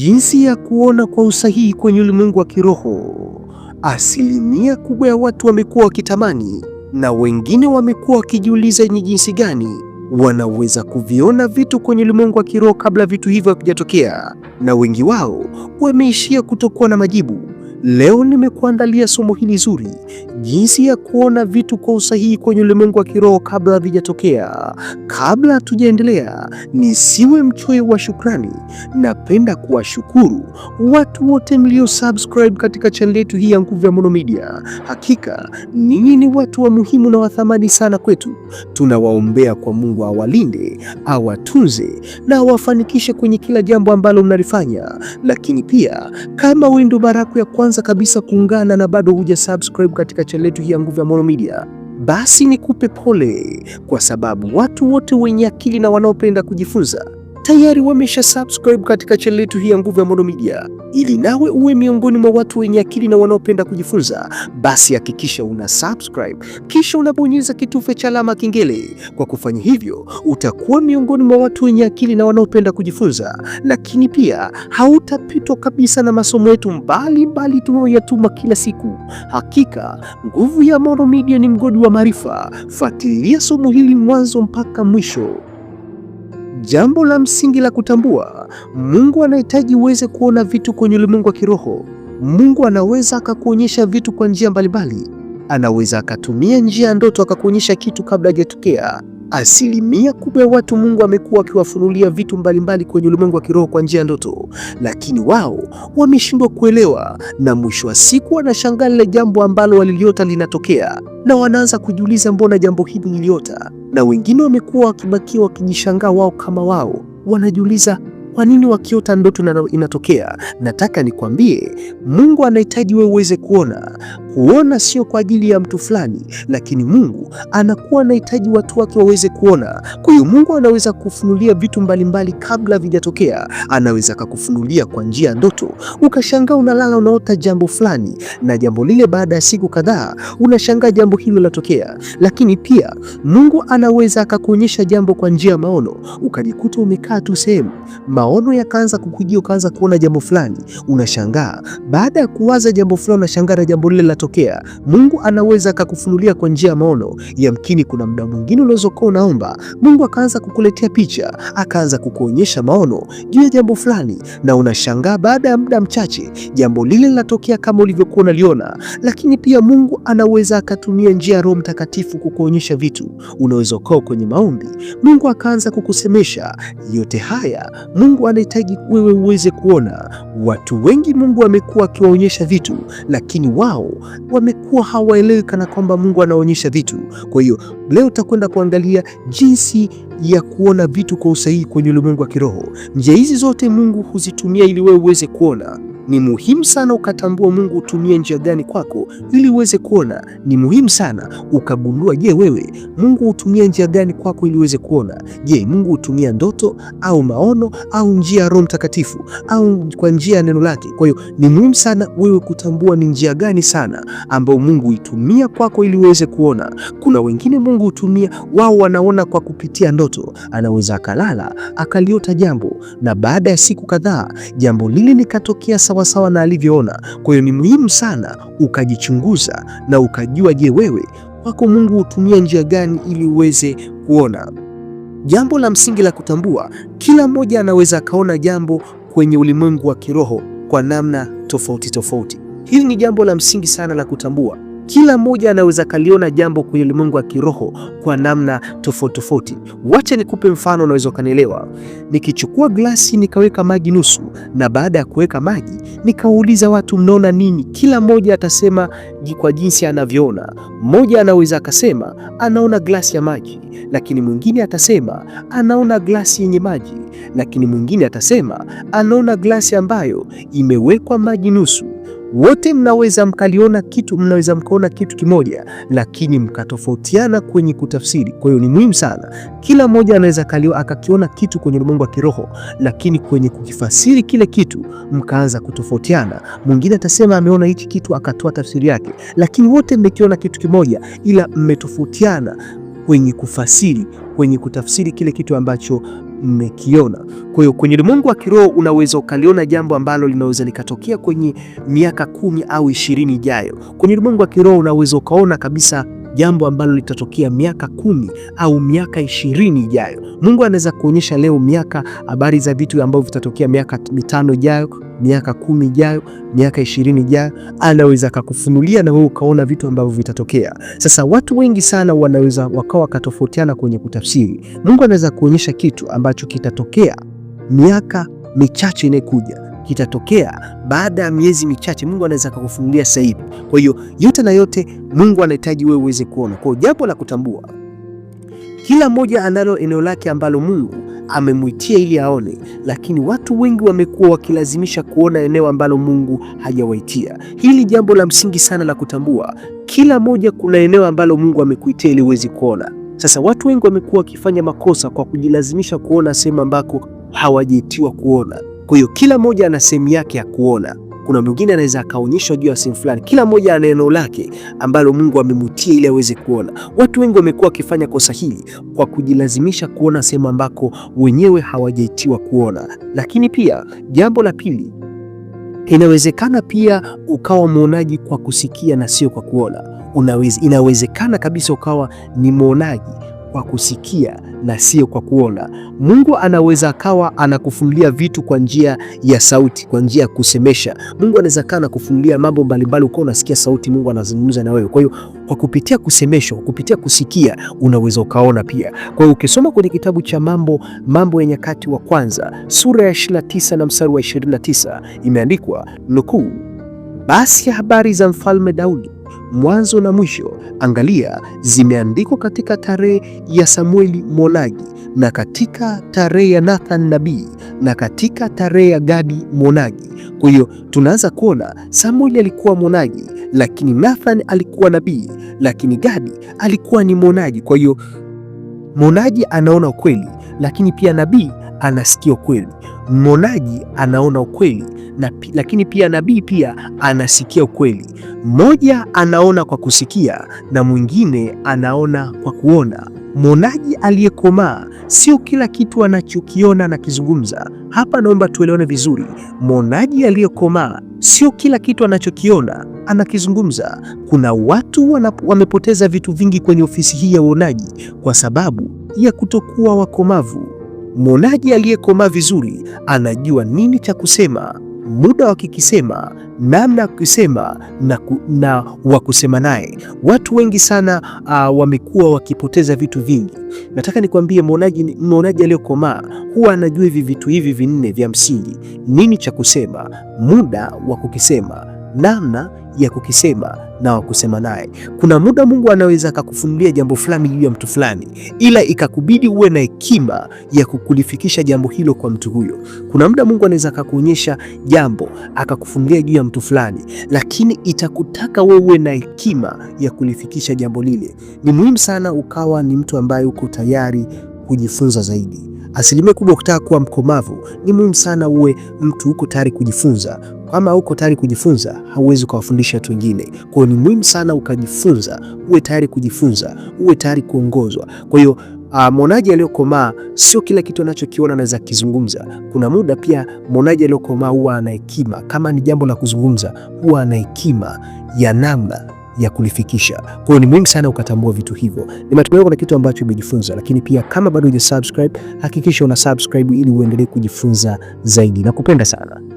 Jinsi ya kuona kwa usahihi kwenye ulimwengu wa kiroho. Asilimia kubwa ya watu wamekuwa wakitamani na wengine wamekuwa wakijiuliza ni jinsi gani wanaweza kuviona vitu kwenye ulimwengu wa kiroho kabla vitu hivyo havijatokea, na wengi wao wameishia kutokuwa na majibu. Leo nimekuandalia somo hili zuri, jinsi ya kuona vitu kwa usahihi kwenye ulimwengu wa kiroho kabla havijatokea. Kabla tujaendelea, nisiwe mchoyo wa shukrani. Napenda kuwashukuru watu wote mlio subscribe katika chaneli yetu hii ya Nguvu ya Maono Media. Hakika ninyi ni watu wa muhimu na wathamani sana kwetu. Tunawaombea kwa Mungu awalinde, awatunze na awafanikishe kwenye kila jambo ambalo mnalifanya. Lakini pia kama wewe ndo ya kwanza kwanza kabisa kuungana na bado huja subscribe katika channel yetu hii ya Nguvu ya Maono Media, basi nikupe pole, kwa sababu watu wote wenye akili na wanaopenda kujifunza tayari wamesha subscribe katika channel yetu hii ya Nguvu ya Maono Media. Ili nawe uwe miongoni mwa watu wenye akili na wanaopenda kujifunza, basi hakikisha una subscribe kisha unabonyeza kitufe cha alama kengele. Kwa kufanya hivyo, utakuwa miongoni mwa watu wenye akili na wanaopenda kujifunza, lakini pia hautapitwa kabisa na masomo yetu mbalimbali tunayoyatuma kila siku. Hakika Nguvu ya Maono Media ni mgodi wa maarifa. Fuatilia somo hili mwanzo mpaka mwisho. Jambo la msingi la kutambua, Mungu anahitaji uweze kuona vitu kwenye ulimwengu wa kiroho. Mungu anaweza akakuonyesha vitu kwa njia mbalimbali. Anaweza akatumia njia ya ndoto akakuonyesha kitu kabla hajatokea. Asilimia kubwa ya watu Mungu amekuwa akiwafunulia vitu mbalimbali kwenye ulimwengu wa kiroho kwa njia ya ndoto, lakini wao wameshindwa kuelewa, na mwisho wa siku wanashangaa lile jambo ambalo waliliota linatokea, na wanaanza kujiuliza, mbona jambo hili liliota Na wengine wamekuwa wakibakia wakijishangaa wao kama wao, wanajiuliza kwa nini wakiota ndoto inatokea? Nataka nikwambie, Mungu anahitaji wewe uweze kuona. Kuona sio kwa ajili ya mtu fulani, lakini Mungu anakuwa anahitaji watu wake waweze kuona. Kwa hiyo Mungu anaweza kufunulia vitu mbalimbali kabla vijatokea, anaweza akakufunulia kwa njia ya ndoto, ukashangaa unalala unaota jambo fulani, na jambo lile baada ya siku kadhaa unashangaa jambo hilo latokea. Lakini pia Mungu anaweza akakuonyesha jambo kwa njia ya maono, ukajikuta umekaa tu sehemu, maono yakaanza kukujia, ukaanza kuona jambo fulani, unashangaa baada ya kuwaza jambo fulani, unashangaa na jambo lile la kutokea, Mungu anaweza akakufunulia kwa njia ya maono. Yamkini kuna muda mwingine unaweza kuwa unaomba Mungu akaanza kukuletea picha, akaanza kukuonyesha maono juu ya jambo fulani, na unashangaa baada ya muda mchache jambo lile linatokea kama ulivyokuwa unaliona. Lakini pia Mungu anaweza akatumia njia ya Roho Mtakatifu kukuonyesha vitu. Unaweza ukawa kwenye maombi, Mungu akaanza kukusemesha. Yote haya Mungu anahitaji wewe uweze kuona. Watu wengi Mungu amekuwa akiwaonyesha vitu, lakini wao wamekuwa hawaelewi, kana kwamba Mungu anaonyesha vitu. Kwa hiyo leo tutakwenda kuangalia jinsi ya kuona vitu kwa usahihi kwenye ulimwengu wa kiroho. Njia hizi zote Mungu huzitumia ili wewe uweze kuona ni muhimu sana ukatambua Mungu utumie njia gani kwako ili uweze kuona. Ni muhimu sana ukagundua, je, wewe Mungu utumie njia gani kwako ili uweze kuona? Je, Mungu hutumia ndoto au maono au njia ya Roho Mtakatifu au kwa njia ya neno lake? Kwa hiyo ni muhimu sana wewe kutambua ni njia gani sana ambayo Mungu huitumia kwako ili uweze kuona. Kuna wengine Mungu hutumia wao, wanaona kwa kupitia ndoto. Anaweza akalala akaliota jambo na baada ya siku kadhaa jambo lile likatokea sawasawa sawa na alivyoona. Kwa hiyo ni muhimu sana ukajichunguza na ukajua, je, wewe kwako Mungu hutumia njia gani ili uweze kuona. Jambo la msingi la kutambua, kila mmoja anaweza akaona jambo kwenye ulimwengu wa kiroho kwa namna tofauti tofauti. Hili ni jambo la msingi sana la kutambua. Kila mmoja anaweza kaliona jambo kwenye ulimwengu wa kiroho kwa namna tofauti tofauti. Wacha nikupe mfano unaweza ukanielewa. Nikichukua glasi nikaweka maji nusu, na baada ya kuweka maji nikauliza watu, mnaona nini? Kila mmoja atasema kwa jinsi anavyoona. Mmoja anaweza akasema anaona glasi ya maji, lakini mwingine atasema anaona glasi yenye maji, lakini mwingine atasema anaona glasi ambayo imewekwa maji nusu wote mnaweza mkaliona kitu, mnaweza mkaona kitu kimoja, lakini mkatofautiana kwenye kutafsiri. Kwa hiyo ni muhimu sana, kila mmoja anaweza akakiona kitu kwenye ulimwengu wa kiroho, lakini kwenye kukifasiri kile kitu mkaanza kutofautiana. Mwingine atasema ameona hichi kitu, akatoa tafsiri yake, lakini wote mmekiona kitu kimoja, ila mmetofautiana kwenye kufasiri, kwenye kutafsiri kile kitu ambacho mmekiona. Kwa hiyo kwenye ulimwengu wa kiroho unaweza ukaliona jambo ambalo linaweza likatokea kwenye miaka kumi au ishirini ijayo. Kwenye ulimwengu wa kiroho unaweza ukaona kabisa jambo ambalo litatokea miaka kumi au miaka ishirini ijayo. Mungu anaweza kuonyesha leo miaka habari za vitu ambavyo vitatokea miaka mitano ijayo, miaka kumi ijayo, miaka ishirini ijayo, anaweza akakufunulia na wewe ukaona vitu ambavyo vitatokea. Sasa watu wengi sana wanaweza wakawa wakatofautiana kwenye kutafsiri. Mungu anaweza kuonyesha kitu ambacho kitatokea miaka michache inayokuja kitatokea baada ya miezi michache, Mungu anaweza akakufunulia sasa hivi. Kwa hiyo yote na yote Mungu anahitaji wewe uweze kuona. Kwa hiyo jambo la kutambua, kila mmoja analo eneo lake ambalo Mungu amemwitia ili aone, lakini watu wengi wamekuwa wakilazimisha kuona eneo ambalo Mungu hajawaitia. Hili jambo la msingi sana la kutambua, kila mmoja kuna eneo ambalo Mungu amekuitia ili uweze kuona. Sasa watu wengi wamekuwa wakifanya makosa kwa kujilazimisha kuona sehemu ambako hawajaitiwa kuona. Kwa hiyo kila mmoja ana sehemu yake ya kuona. Kuna mwingine anaweza akaonyeshwa juu ya sehemu fulani. Kila mmoja ana neno lake ambalo Mungu amemutia ili aweze kuona. Watu wengi wamekuwa wakifanya kosa hili kwa kujilazimisha kuona sehemu ambako wenyewe hawajaitiwa kuona. Lakini pia jambo la pili, inawezekana pia ukawa mwonaji kwa kusikia na sio kwa kuona. Unaweze, inawezekana kabisa ukawa ni mwonaji kwa kusikia na sio kwa kuona. Mungu anaweza akawa anakufunulia vitu kwa njia ya sauti, kwa njia ya kusemesha. Mungu anaweza akawa anakufunulia mambo mbalimbali ukawa unasikia sauti, Mungu anazungumza na wewe. Kwa hiyo kwa kupitia kusemeshwa, kupitia kusikia unaweza ukaona pia. Kwa hiyo ukisoma kwenye kitabu cha Mambo Mambo ya Nyakati wa Kwanza sura ya 29 na mstari wa 29 imeandikwa nukuu, basi habari za mfalme Daudi mwanzo na mwisho, angalia, zimeandikwa katika tarehe ya Samueli Molagi na katika tarehe ya Nathan nabii na katika tarehe ya Gadi monagi. Kwa hiyo tunaanza kuona Samueli alikuwa monagi, lakini Nathan alikuwa nabii, lakini Gadi alikuwa ni monagi. Kwa hiyo monaji anaona ukweli, lakini pia nabii anasikia ukweli mwonaji anaona ukweli na, lakini pia nabii pia anasikia ukweli. Mmoja anaona kwa kusikia na mwingine anaona kwa kuona. Mwonaji aliyekomaa sio kila kitu anachokiona anakizungumza. Hapa naomba tuelewane vizuri. Mwonaji aliyekomaa sio kila kitu anachokiona anakizungumza. Kuna watu wamepoteza vitu vingi kwenye ofisi hii ya uonaji kwa sababu ya kutokuwa wakomavu. Mwonaji aliyekomaa vizuri anajua nini cha kusema, muda wa kikisema, namna ya kukisema na, ku, na wa kusema naye. Watu wengi sana uh, wamekuwa wakipoteza vitu vingi. Nataka nikwambie, mwonaji mwonaji aliyekomaa huwa anajua hivi vitu hivi vinne vya msingi: nini cha kusema, muda wa kukisema namna ya kukisema na wakusema naye. Kuna muda Mungu anaweza akakufunulia jambo fulani juu ya mtu fulani, ila ikakubidi uwe na hekima ya kukulifikisha jambo hilo kwa mtu huyo. Kuna muda Mungu anaweza akakuonyesha jambo akakufunulia juu ya mtu fulani, lakini itakutaka wewe uwe na hekima ya kulifikisha jambo lile. Ni muhimu sana ukawa ni mtu ambaye uko tayari kujifunza zaidi. Asilimia kubwa ukitaka kuwa mkomavu, ni muhimu sana uwe mtu uko tayari kujifunza. Kama uko tayari kujifunza, hauwezi ukawafundisha watu wengine. Kwa hiyo ni muhimu sana ukajifunza, uwe tayari kujifunza, uwe tayari kuongozwa. Kwa hiyo Uh, mwonaji aliyokomaa sio kila kitu anachokiona anaweza kizungumza. Kuna muda pia mwonaji aliyokomaa huwa ana hekima, kama ni jambo la kuzungumza, huwa ana hekima ya namna ya kulifikisha. Kwa hiyo ni muhimu sana ukatambua vitu hivyo. Ni matumaini kuna kitu ambacho umejifunza, lakini pia kama bado hujasubscribe, hakikisha una subscribe ili uendelee kujifunza zaidi. Nakupenda sana.